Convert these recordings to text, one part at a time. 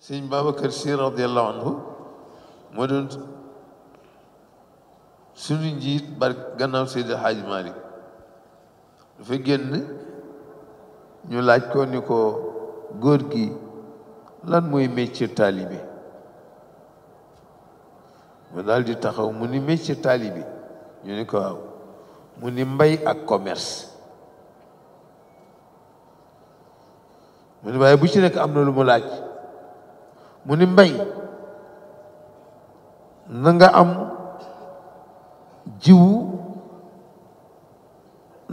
sëñ Babacar Si radiallahu anhu moo doon suñu njiit bar gannaaw Seydi Hadj Malick dafa génn ñu laaj ko ni ko góor gi lan mooy métier taalibe mu daldi taxaw mu ni métier taalibe ñu ni ko waaw mu ni mbay ak commerce mu ni waaye bu ci nekk am na lu mu laaj mu ni mbay na nga am jiwu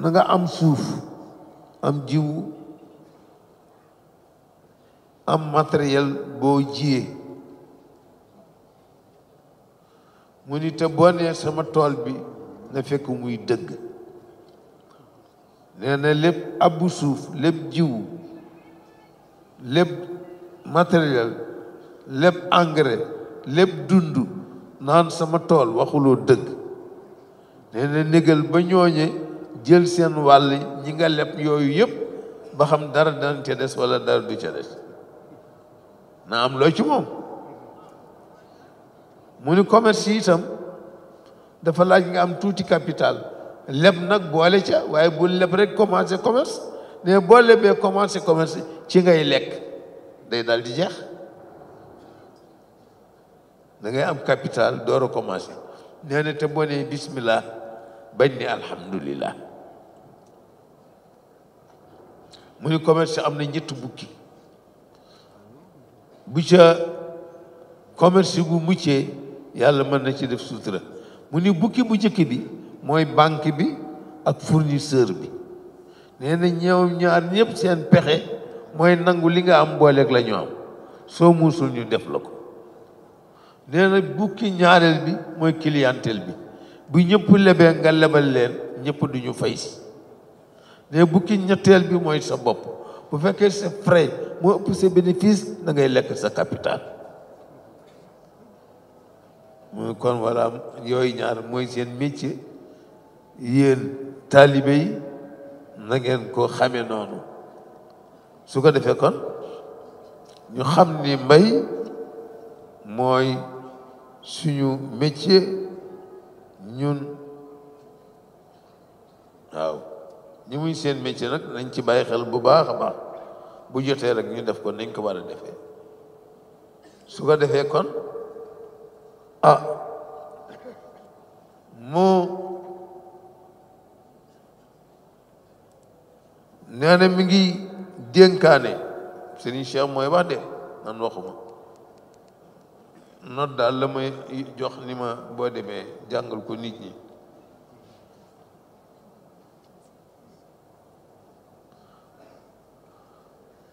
na nga am suuf am jiwu am matériel boo jiyee mu ni te boo nee sama tool bi na fekk muy dëgg nee na lépp abbu suuf lépp jiwu lépp matériel lépp engrais lépp dund naan sama tool waxuloo dëgg nee na négal ba ñooñe jël seen wàll ñi nga leb yooyu yëpp ba xam dara dana ca des wala dara du ca des na am loo ci moom mu ni commerce yi itam dafa laaj nga am tuuti capital leb nag boole ca waaye bu leb rek commencé commerce ne boo lebee commencé commerce ci ngay lekk day daal di jeex da ngay am capital door a commencé neena te bone nee bismillah bañ ni alhamdulillah mu ni commerce am na ñett bukki bu ca commerce bu muccee yàlla mën na ci def sutura mu ni bukki bu njëkk bi mooy banque bi ak fournisseur bi nee ñëw ñaar ñëpp seen pexe mooy nangu li nga am booleeg lañu am soo muusul ñu def la ko nee bukki ñaareel bi mooy clientèle bi bu ñëpp lebee nga lebal leen ñëpp du ñu fay si ne bukki ñetteel bi mooy sa bopp bu fekkee sa frais moo ëpp sa bénéfice da ngay lekk sa capital muy kon voilà yooyu ñaar mooy seen métier yéen taalibe yi na ngeen ko xame noonu su ko defee kon ñu xam ni mbay mooy suñu métier ñun waaw ñi muy seen métier nag nañ ci bàyyi xel bu baax a baax bu jotee rek ñu def ko nañ ko war a defee su ko defee kon ah mu nee na mi ngi dénkaane Serigne Cheikh mooy wax de man waxuma noot daal la may jox ni ma boo demee jàngal ko nit ñi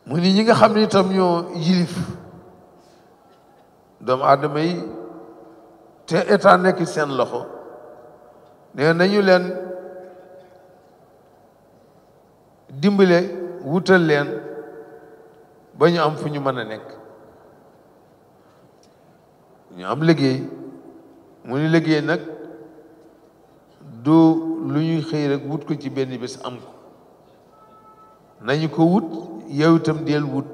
mu ni ñi nga xam ne itam ñoo yilif doomu aadama yi te état nekk seen loxo nee nañu leen dimbale wutal leen ba ñu am fu ñu mën a nekk ñu am liggéey mu ni liggéey nag du lu ñuy xëy rek wut ko ci benn bés am ko nañu ko wut yow itam del wut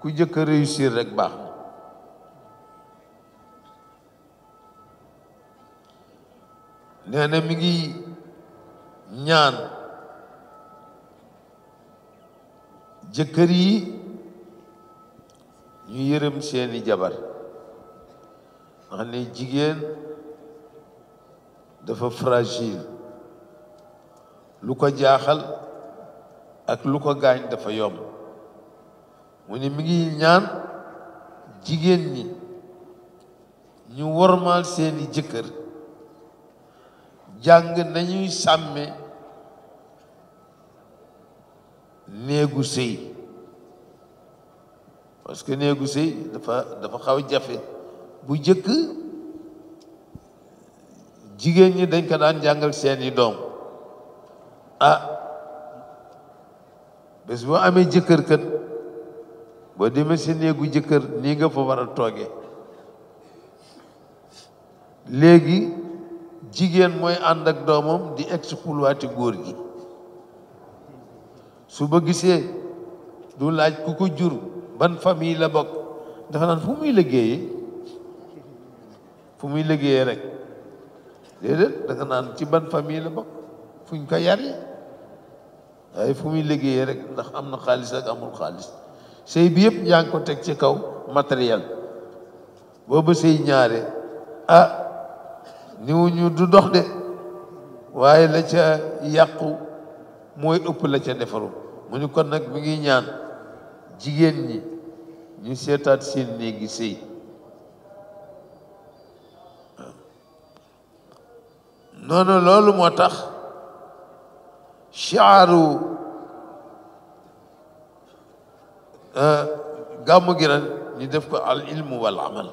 ku jëkk a réussir rek baax na mi ngi ñaan jëkkër yi ñu yërëm seeni jabar ndax ne jigéen dafa fragile lu ko jaaxal ak lu ko gaañ dafa yomb mu ne mi ngi ñaan jigéen ñi ñu wormaal seeni jëkkër jàng nañuy sàmme néegu sëy parce que néegu sëy dafa dafa xaw jafe bu jëkk jigéen ñi dañ ko daan jàngal seeni doom ah bés boo amee jëkkër kat boo demee sa néegu jëkkër nii nga fa war a tooge léegi jigéen mooy ànd ak doomam di exploité góor gi suba gisee du laaj ku ko jur ban famille la bokk dafa naan fu muy liggéeyee fu muy liggéeyee rek déedéet da nga naan ci ban famille la bokk fuñ ko yare waaye fu muy liggéeyee rek ndax am na xaalis ak amul xaalis sëy bi yëpp yaa ngi ko teg ci kaw matériel booba sëy ñaare ah niwuñu du dox de waaye la ca yàqu mooy ëpp la ca defaru mu ni kon nag mu ngi ñaan jigéen ñi ñu seetaat seen néegi sëy noonu loolu moo tax chiaaru euh, gàmmu gi ren ñu def ko al ilmu wal amal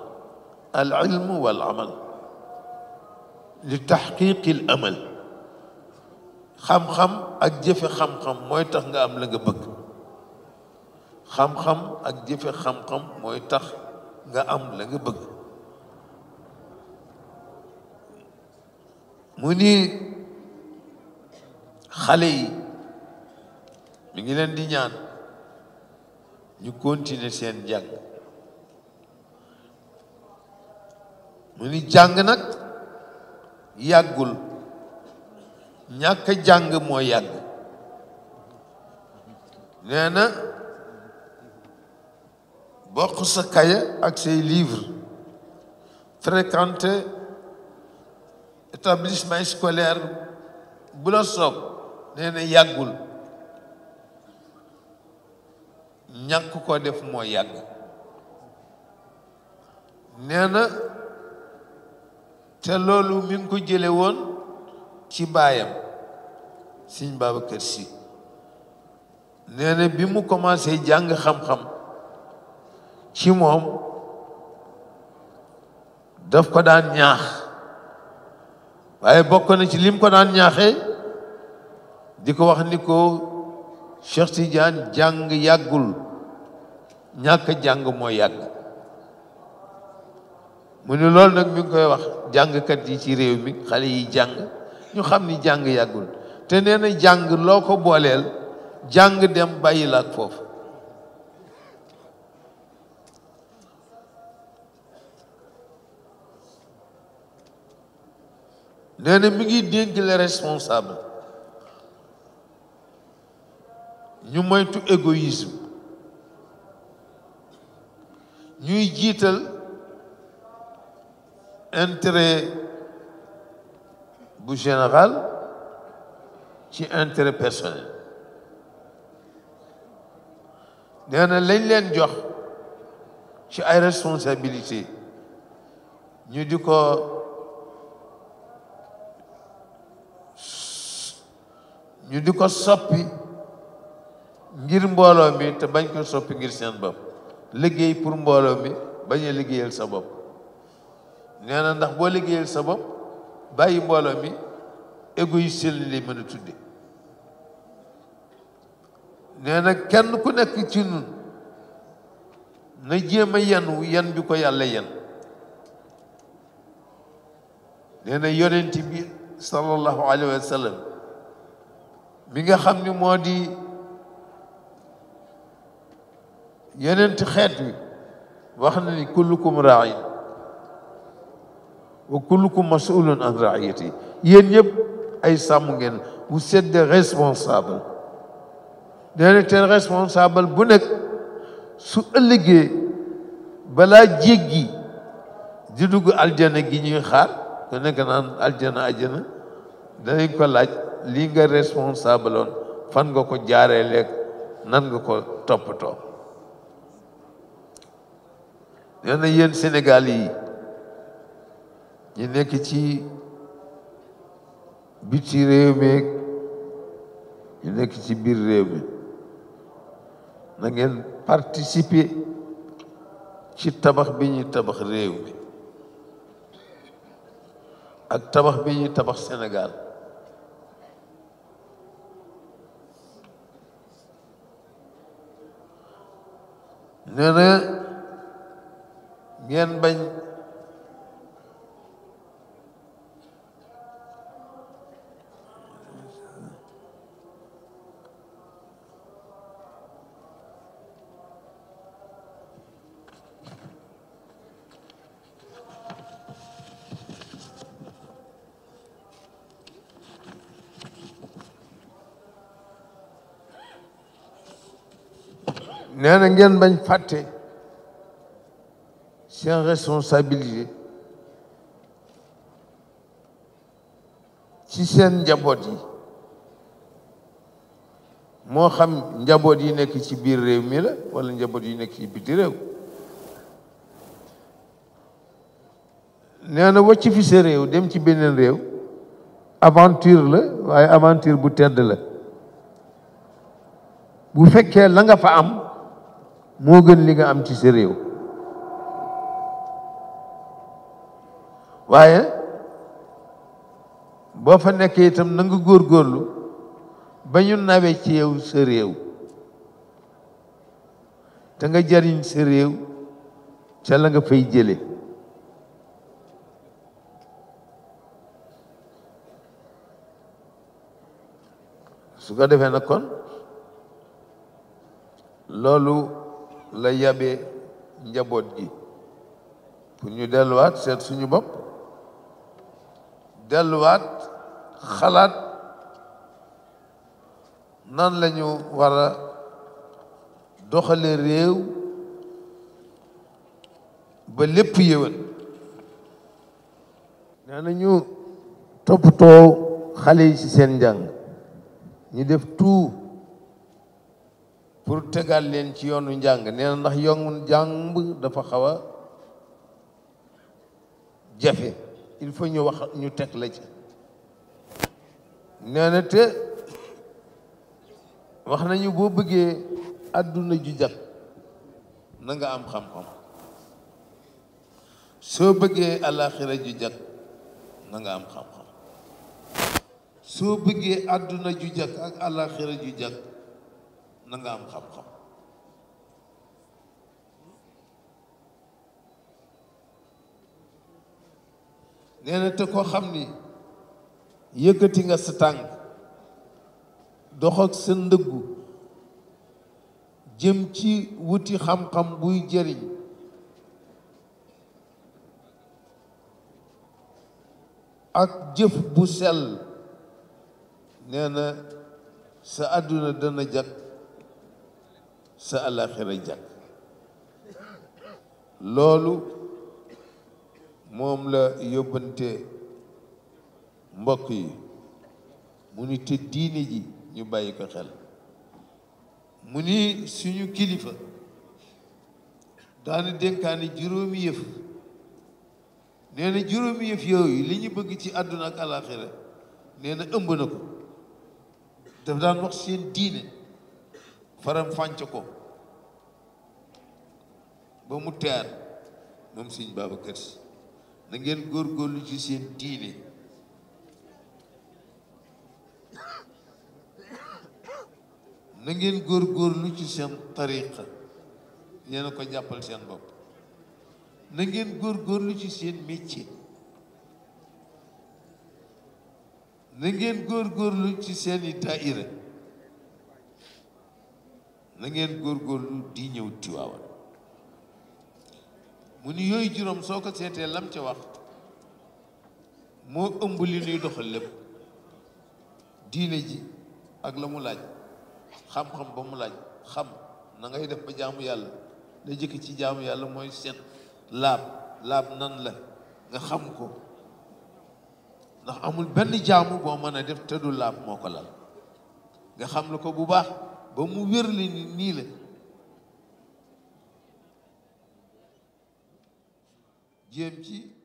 al ilmu wal amal li taxqiqil amal xam-xam ak jëfe xam-xam mooy tax nga am la nga xam-xam ak jëfe xam-xam mooy tax nga am la nga bëgg mu ni xale yi mi ngi leen di ñaan ñu continuer seen jàng mu ni jàng nag yàggul ñàkk jàng moo yàgg nee na bokk sa kaya ak say livre fréquenter établissement scolaire bu la soob nee na yàggul ñàkk koo def moo yàgg nee na te loolu mi ko jële woon ci baayam Sëñ Babacar Sy nee na bi mu commencé jàng xam-xam ci moom daf ko daan ñaax waaye bokk na ci lim ko daan ñaaxee di ko wax ni ko Cheikh Tidiane jàng yàggul ñàkk jàng mooy yàgg mu nu loolu nag mi ngi koy wax jàngkat yi ci réew mi xale yi jàng ñu xam ni jàng yàggul te nee na jàng loo ko booleel jàng dem bàyyi la foofu nee na mi ngi dénk les responsables ñu moytu égoïsme ñuy jiital intérêt bu général ci intérêt personnel nee na lañ leen jox ci ay responsabilité ñu di ko ñu di ko soppi ngir mbooloo mi te bañ ko soppi ngir seen bopp liggéey pour mbooloo mi bañ a liggéeyal sa bopp nee na ndax boo liggéeyal sa bopp bàyyi mbooloo mi égoïste li lay mën a tudde nee kenn ku nekk ci nun na jéem a yan yan bi ko yàlla yan nee na yonent bi sallallahu alayhi wa sallam mi nga xam ni moo di yeneenti xeet wi wax na ni kullukum raayin wa kullukum masulun an raiyati yéen ñëpp ay sàmm ngeen vous êtes des responsables te responsable bu nekk su ëllëgee balaa jéggi di dugg aljana gi ñuy xaar ku nekk naan aljana aljana danañ ko laaj lii nga responsable oon fan nga ko jaaree leeg nan nga ko toppatoo nee na yéen Sénégal yi ñu nekk ci biti réew mi nekk ci biir réew mi na ngeen participer ci tabax bi ñuy tabax réew mi ak tabax bi ñuy tabax Sénégal nee na ngeen nee na ngeen bañ fàtte seen responsabilité ci seen njaboot yi moo xam njaboot yi nekk ci biir réew mi la wala njaboot yi nekk ci biti réew nee na wàcc fi sa réew dem ci beneen réew aventure la waaye aventure bu tedd la bu fekkee la nga fa am moo gën li nga am ci sa réew waaye boo fa nekkee tam na góor góorlu ba ñu nawe ci yow sa te nga jariñ sa réew nga fay jële su ko defee na kon loolu la yabee njaboot gi pour ñu delluwaat seet suñu bopp delluwaat xalaat nan la ñu war a doxale réew ba lépp yëwén nee na ñu toppatoo xale yi ci seen njàng ñu def tout pour tegaat leen ci yoonu njàng nee na ndax yoonu njàng dafa xaw a jafe il faut ñu wax ñu teg la ci nee te wax nañu boo bëggee àdduna ju jag na nga am xam-xam soo bëggee alaxira ju jag na nga am xam-xam soo bëggee àdduna ju jag ak alaxira ju jag na nga am xam-xam nee te koo xam ni yëkkati nga sa tànk dox ak sa ndëggu jëm ci wuti xam-xam buy jëriñ ak jëf bu sell nee sa àdduna dana jag sa àllaaxira jàkk loolu moom la yóbbante mbokk yi mu ni te diine ji ñu bàyyi ko xel mu ni suñu kilifa daana dénkaani juróomi yëf nee juróomi yëf yooyu li ñu bëgg ci àdduna ak àllaaxira nee ëmb na ko daf daan wax seen diine faram fànc ko ba mu teer moom sëñ Babacar Si na góor góorlu ci seen diine na ngeen góorgóorlu ci seen tariqa yéena ko jàppal seen bopp na góor góorgóorlu ci seen métier na góor góorgóorlu ci seeni daayira na ngeen góorgóorlu di ñëw Tiwaawan mu ni yooyu juróom soo ko seetee lam ca wax moo ëmb li nuy doxal lépp diine ji ak la mu laaj xam-xam ba mu laaj xam na ngay def ba jaamu yàlla la jëkk ci jaamu yàlla mooy seet laab laab nan la nga xam ko ndax amul benn jaamu boo mën a def te du laab moo ko lal nga xam lu ko bu baax ba mu wér li ni nii la